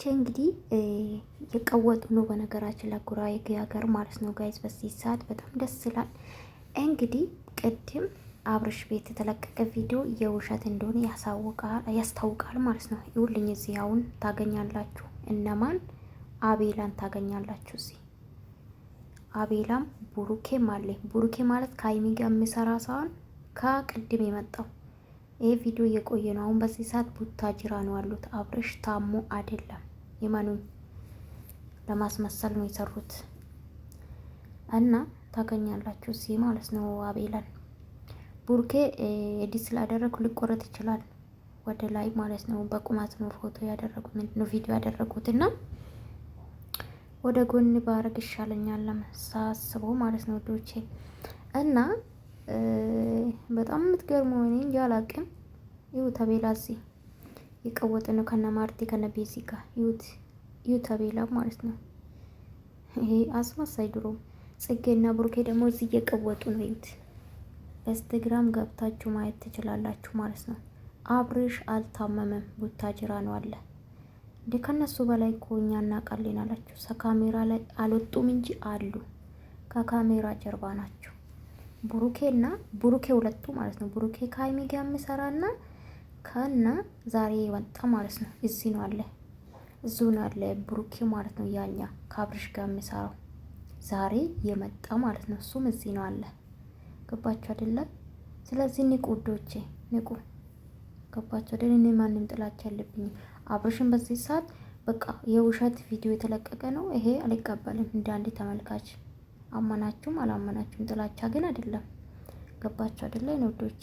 ብቻ እንግዲህ የቀወጡ ነው። በነገራችን ለጉራጌ ሀገር ማለት ነው ጋይዝ በዚህ ሰዓት በጣም ደስ ይላል። እንግዲህ ቅድም አብርሽ ቤት የተለቀቀ ቪዲዮ የውሸት እንደሆነ ያስታውቃል ማለት ነው። ይሁልኝ እዚህ አሁን ታገኛላችሁ እነማን አቤላን ታገኛላችሁ። እዚህ አቤላም ቡሩኬ አለ። ቡሩኬ ማለት ከሀይሚ ጋር የሚሰራ ሳይሆን ከቅድም የመጣው ይህ ቪዲዮ የቆየ ነው። አሁን በዚህ ሰዓት ቡታጅራ ነው ያሉት። አብርሽ ታሞ አይደለም። የማንም ለማስመሰል ነው የሰሩት እና ታገኛላችሁ እዚህ ማለት ነው። አቤላን ቡርኬ ኤዲት ስላደረግኩ ሊቆረጥ ይችላል ወደ ላይ ማለት ነው። በቁማት ነው ፎቶ ያደረጉት ምንድን ነው ቪዲዮ ያደረጉት እና ወደ ጎን ባረግ ይሻለኛል ለመሳስበው ማለት ነው ዶቼ እና በጣም የምትገርመው እኔ እንጃ አላቅም ይሁ ተቤላ እዚህ የቀወጠ ነው። ከነ ማርቲ ከነ ቤዚ ጋር ዩት አቤላ ማለት ነው። ይሄ አስመሳይ ድሮ ጽጌና ብሩኬ ደግሞ እዚህ እየቀወጡ ነው። ዩት በኢንስታግራም ገብታችሁ ማየት ትችላላችሁ ማለት ነው። አብሬሽ አልታመመም ቡታጅራ ነው አለ እንዴ! ከነሱ በላይ እኮ እኛ እናውቃለን አላችሁ። ከካሜራ ላይ አልወጡም እንጂ አሉ፣ ከካሜራ ጀርባ ናቸው። ብሩኬና ብሩኬ ሁለቱ ማለት ነው። ብሩኬ ከሀይሚ ጋር የሚሰራና ከና ዛሬ ወጣ ማለት ነው። እዚህ ነው አለ እዚሁ ነው አለ ብሩኬ ማለት ነው። ያኛ ከአብርሽ ጋር የሚሰራው ዛሬ የመጣ ማለት ነው። እሱም እዚህ ነው አለ። ገባችሁ አይደለም? ስለዚህ ንቁ ውዶቼ፣ ንቁ። ገባችሁ አይደል? እኔ ማንም ጥላቻ ያለብኝም አብርሽን በዚህ ሰዓት በቃ የውሸት ቪዲዮ የተለቀቀ ነው ይሄ አልቀበልም። እንደ አንድ ተመልካች አመናችሁም አላመናችሁም ጥላቻ ግን አይደለም። ገባችሁ አይደለ? ውዶች